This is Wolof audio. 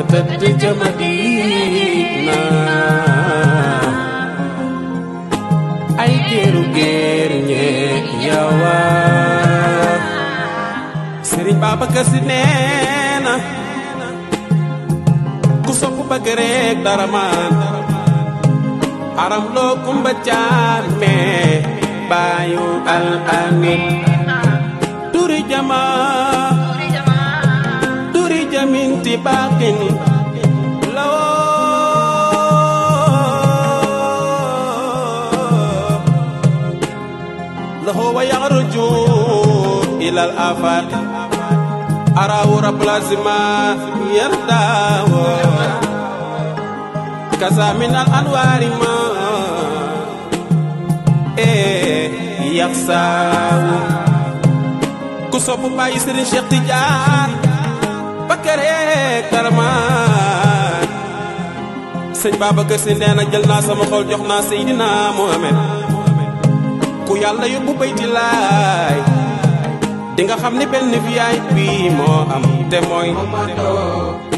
nga tëdd ca Madina ay géeru géer ñeeg yawa Sëriñ Babacar Si nee na ku sopp bëgg rek dara maan aram loo kumba caat mee baayu al anit هو يرجو إلى الآفاق أراه رب لازم يرضى كذا من الأنوار ما يخسى كسب باي سيرين شيخ تجار karamaan sëñ Babacar Si nee jël naa sama xol jox naa Seydina Mohamed ku yàlla yóbbu bayti laay di xam ni benn VIP moo am te mooy